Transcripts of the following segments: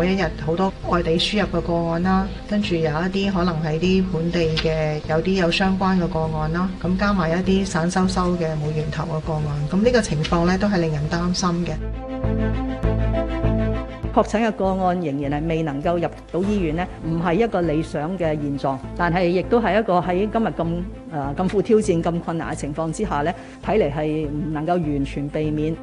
每一日好多外地輸入嘅個案啦，跟住有一啲可能係啲本地嘅，有啲有相關嘅個案啦，咁加埋一啲散修修嘅冇源頭嘅個案，咁呢個,個情況咧都係令人擔心嘅。確診嘅個案仍然係未能夠入到醫院呢，唔係一個理想嘅現狀，但係亦都係一個喺今日咁誒咁富挑戰、咁困難嘅情況之下呢，睇嚟係唔能夠完全避免。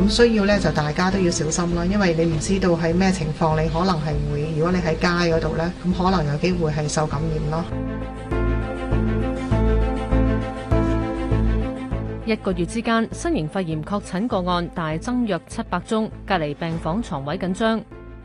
咁需要咧，就大家都要小心啦，因為你唔知道係咩情況，你可能係會，如果你喺街嗰度咧，咁可能有機會係受感染咯。一個月之間，新型肺炎確診個案大增約七百宗，隔離病房床位緊張。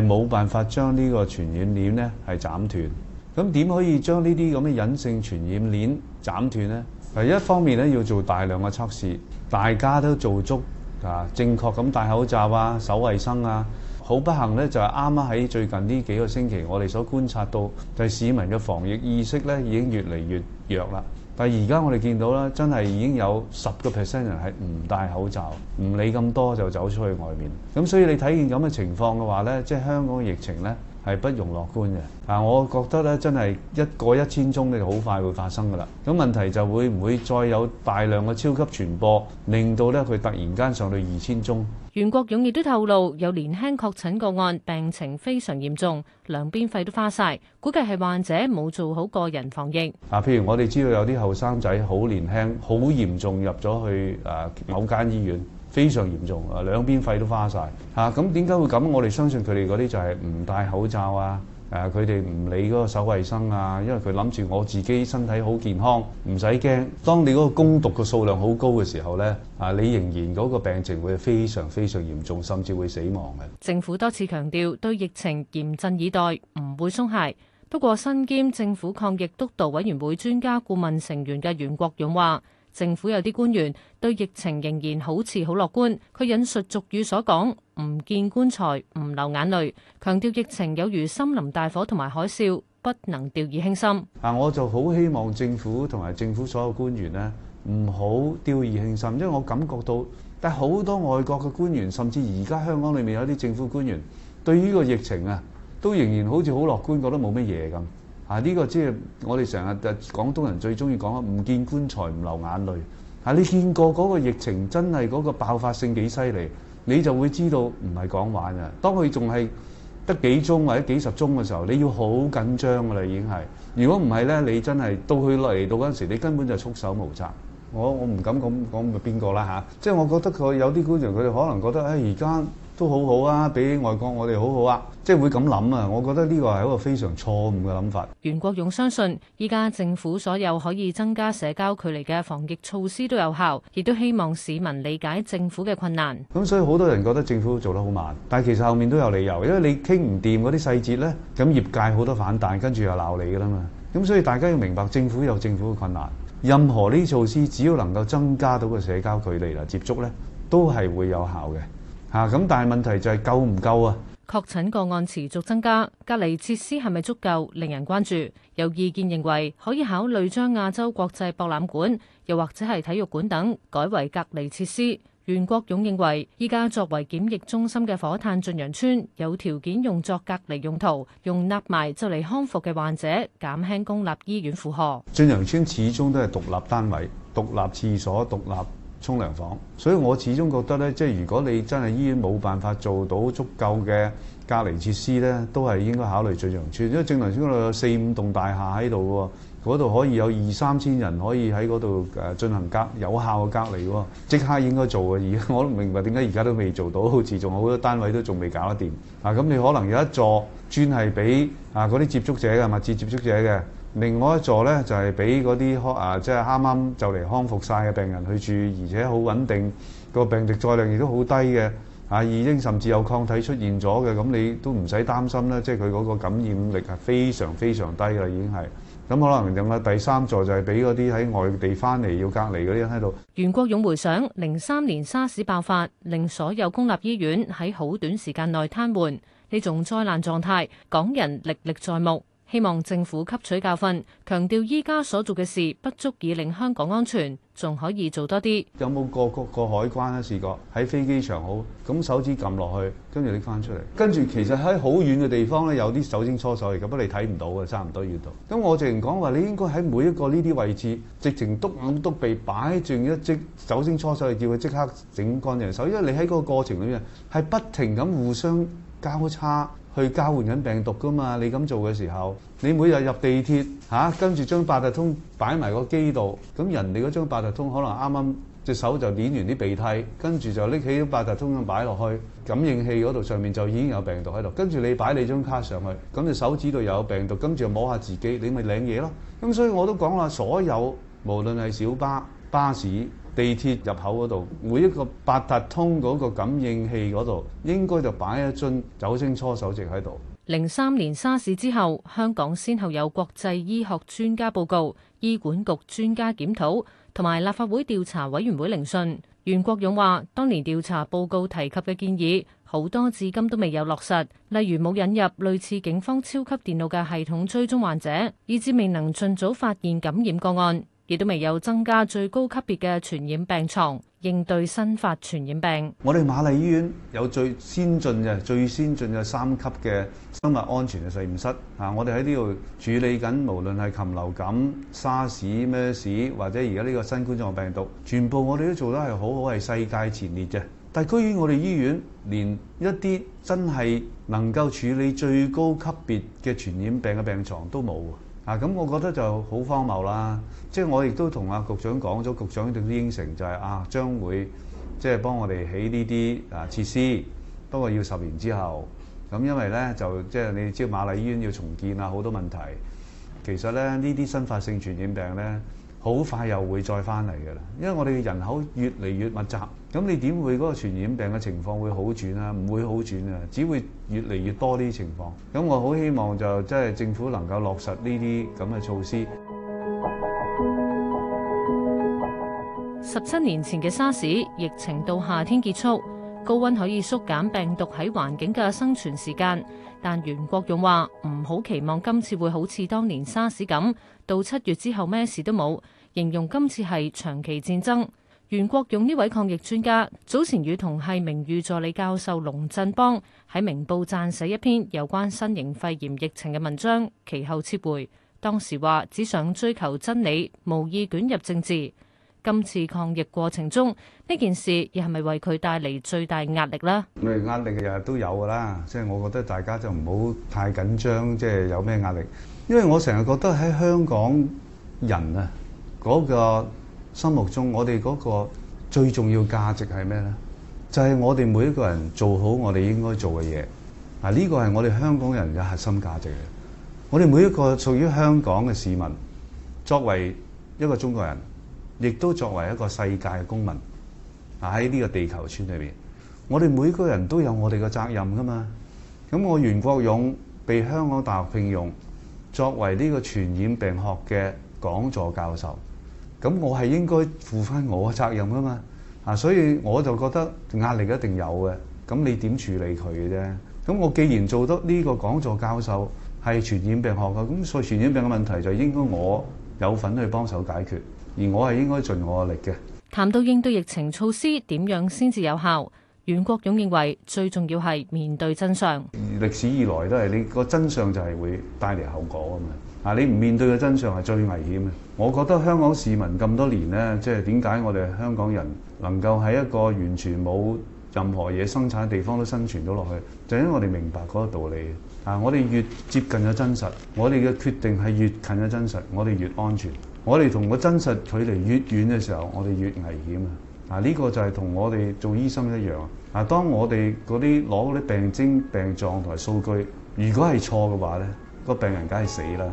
係冇辦法將呢個傳染鏈呢係斬斷，咁點可以將呢啲咁嘅隱性傳染鏈斬斷呢？第一方面咧要做大量嘅測試，大家都做足啊，正確咁戴口罩啊、守衛生啊。好不幸呢，就係啱啱喺最近呢幾個星期，我哋所觀察到，就係市民嘅防疫意識呢已經越嚟越弱啦。但係而家我哋見到咧，真係已經有十個 percent 人係唔戴口罩，唔理咁多就走出去外面。咁所以你睇見咁嘅情況嘅話呢，即係香港嘅疫情呢，係不容樂觀嘅。嗱，我覺得咧，真係一個一千宗咧，好快會發生㗎啦。咁問題就會唔會再有大量嘅超級傳播，令到咧佢突然間上到二千宗？袁國勇亦都透露，有年輕確診個案，病情非常嚴重，兩邊肺都花曬，估計係患者冇做好個人防疫。啊，譬如我哋知道有啲後生仔好年輕，好嚴重入咗去誒某間醫院。非常嚴重啊！兩邊肺都花曬嚇，咁點解會咁？我哋相信佢哋嗰啲就係唔戴口罩啊，誒，佢哋唔理嗰個手衞生啊，因為佢諗住我自己身體好健康，唔使驚。當你嗰個攻毒嘅數量好高嘅時候呢，啊，你仍然嗰個病情會非常非常嚴重，甚至會死亡嘅。政府多次強調對疫情嚴陣以待，唔會鬆懈。不過，身兼政府抗疫督導委員會專家顧問成員嘅袁國勇話。政府有啲官員對疫情仍然好似好樂觀，佢引述俗語所講：唔見棺材唔流眼淚，強調疫情有如森林大火同埋海嘯，不能掉以輕心。嗱，我就好希望政府同埋政府所有官員咧，唔好掉以輕心，因為我感覺到，但係好多外國嘅官員，甚至而家香港裏面有啲政府官員，對於呢個疫情啊，都仍然好似好樂觀，覺得冇乜嘢咁。啊！呢個即係我哋成日誒廣東人最中意講啦，唔見棺材唔流眼淚。啊！你見過嗰個疫情真係嗰個爆發性幾犀利，你就會知道唔係講玩啊！當佢仲係得幾宗或者幾十宗嘅時候，你要好緊張㗎啦，已經係。如果唔係咧，你真係到佢嚟到嗰陣時，你根本就束手無策。我我唔敢講講係邊個啦嚇，即係我覺得佢有啲官員佢哋可能覺得誒而家。哎都好好啊！比起外國我哋好好啊，即係會咁諗啊。我覺得呢個係一個非常錯誤嘅諗法。袁國勇相信依家政府所有可以增加社交距離嘅防疫措施都有效，亦都希望市民理解政府嘅困難。咁所以好多人覺得政府做得好慢，但其實後面都有理由，因為你傾唔掂嗰啲細節呢，咁業界好多反彈，跟住又鬧你㗎喇嘛。咁所以大家要明白政府有政府嘅困難。任何呢啲措施只要能夠增加到個社交距離啦、接觸呢，都係會有效嘅。啊，咁但係問題就係夠唔夠啊？確診個案持續增加，隔離設施係咪足夠，令人關注。有意見認為可以考慮將亞洲國際博覽館，又或者係體育館等，改為隔離設施。袁國勇認為，依家作為檢疫中心嘅火炭駿洋邨，有條件用作隔離用途，容納埋就嚟康復嘅患者，減輕公立醫院負荷。駿洋邨始終都係獨立單位，獨立廁所，獨立房，所以我始終覺得咧，即係如果你真係醫院冇辦法做到足夠嘅隔離設施咧，都係應該考慮駿洋邨，因為駿洋邨嗰度有四五棟大廈喺度喎，嗰度可以有二三千人可以喺嗰度誒進行隔有效嘅隔離喎，即刻應該做嘅。而家我明白點解而家都未做到，好似仲有好多單位都仲未搞得掂。啊，咁你可能有一座專係俾啊嗰啲接觸者嘅，密切接觸者嘅。另外一座咧，就係俾嗰啲康啊，即係啱啱就嚟康復曬嘅病人去住，而且好穩定，個病毒載量亦都好低嘅。啊，已經甚至有抗體出現咗嘅，咁你都唔使擔心啦。即係佢嗰個感染力係非常非常低啦，已經係。咁可能另外第三座就係俾嗰啲喺外地翻嚟要隔離嗰啲人喺度。袁國勇回想零三年沙士爆發，令所有公立醫院喺好短時間內癱瘓，呢種災難狀態，港人歷歷在目。希望政府吸取教訓，強調依家所做嘅事不足以令香港安全，仲可以做多啲。有冇過個個,個海關啊？試過喺飛機場好，咁手指撳落去，跟住拎翻出嚟，跟住其實喺好遠嘅地方咧，有啲酒精搓手嚟嘅，你看不你睇唔到嘅，差唔多要到。咁我直情講話，你應該喺每一個呢啲位置，直情篤眼篤鼻擺轉一隻酒精搓手，要佢即刻整乾淨的手，因為你喺嗰個過程裏面係不停咁互相交叉。去交換緊病毒噶嘛，你咁做嘅時候，你每日入地鐵嚇、啊，跟住將八達通擺埋個機度，咁人哋嗰張八達通可能啱啱隻手就捏完啲鼻涕，跟住就拎起八達通咁擺落去感應器嗰度上面，就已經有病毒喺度。跟住你擺你張卡上去，咁你手指度又有病毒，跟住又摸下自己，你咪領嘢咯。咁所以我都講啦，所有無論係小巴、巴士。地鐵入口嗰度，每一個八達通嗰個感應器嗰度，應該就擺一樽酒精搓手液喺度。零三年沙士之後，香港先後有國際醫學專家報告、醫管局專家檢討，同埋立法會調查委員會聆訊。袁國勇話，當年調查報告提及嘅建議，好多至今都未有落實，例如冇引入類似警方超級電腦嘅系統追蹤患者，以致未能盡早發現感染個案。亦都未有增加最高級別嘅傳染病床應對新發傳染病。我哋瑪麗醫院有最先進嘅、最先進嘅三級嘅生物安全嘅實驗室。啊，我哋喺呢度處理緊，無論係禽流感、沙士、咩士，或者而家呢個新冠狀病毒，全部我哋都做得係好好，係世界前列嘅。但居然我哋醫院連一啲真係能夠處理最高級別嘅傳染病嘅病床都冇。啊，咁我覺得就好荒謬啦。即係我亦都同阿局長講咗，局長一定都應承就係、是、啊，將會即係幫我哋起呢啲啊設施。不過要十年之後，咁因為咧就即係你知道瑪麗醫院要重建啊，好多問題。其實咧呢啲新發性傳染病咧。好快又會再翻嚟㗎啦，因為我哋嘅人口越嚟越密集，咁你點會嗰個傳染病嘅情況會好轉啊？唔會好轉啊，只會越嚟越多啲情況。咁我好希望就即係政府能夠落實呢啲咁嘅措施。十七年前嘅沙士疫情到夏天結束。高溫可以縮減病毒喺環境嘅生存時間，但袁國勇話唔好期望今次會好似當年沙士咁，到七月之後咩事都冇，形容今次係長期戰爭。袁國勇呢位抗疫專家早前與同系名譽助理教授龍振邦喺明報撰寫一篇有關新型肺炎疫情嘅文章，其後撤回，當時話只想追求真理，無意捲入政治。今次抗疫過程中呢件事，又係咪為佢帶嚟最大壓力呢？咪壓力又都有噶啦，即係我覺得大家就唔好太緊張，即係有咩壓力。因為我成日覺得喺香港人啊，嗰個心目中，我哋嗰個最重要價值係咩呢？就係我哋每一個人做好我哋應該做嘅嘢嗱。呢個係我哋香港人嘅核心價值。我哋每一個屬於香港嘅市民，作為一個中國人。亦都作為一個世界嘅公民，啊，喺呢個地球村裏邊，我哋每個人都有我哋嘅責任㗎嘛。咁我袁國勇被香港大學聘用作為呢個傳染病學嘅講座教授，咁我係應該負翻我嘅責任㗎嘛。啊，所以我就覺得壓力一定有嘅。咁你點處理佢嘅啫？咁我既然做得呢個講座教授係傳染病學嘅，咁所以傳染病嘅問題就應該我有份去幫手解決。而我係應該盡我嘅力嘅。談到應對疫情措施點樣先至有效，袁國勇認為最重要係面對真相。歷史以來都係你個真相就係會帶嚟後果啊嘛！啊，你唔面對嘅真相係最危險嘅。我覺得香港市民咁多年呢，即係點解我哋香港人能夠喺一個完全冇任何嘢生產嘅地方都生存到落去，就因為我哋明白嗰個道理啊！我哋越接近咗真實，我哋嘅決定係越近咗真實，我哋越安全。我哋同個真實距離越遠嘅時候，我哋越危險啊！嗱，呢個就係同我哋做醫生一樣啊！當我哋嗰啲攞嗰啲病徵、病狀同埋數據，如果係錯嘅話，呢個病人梗係死啦！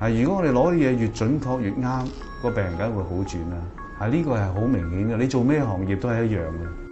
啊，如果我哋攞啲嘢越準確越啱，個病人梗會好轉啦！啊，呢個係好明顯嘅，你做咩行業都係一樣嘅。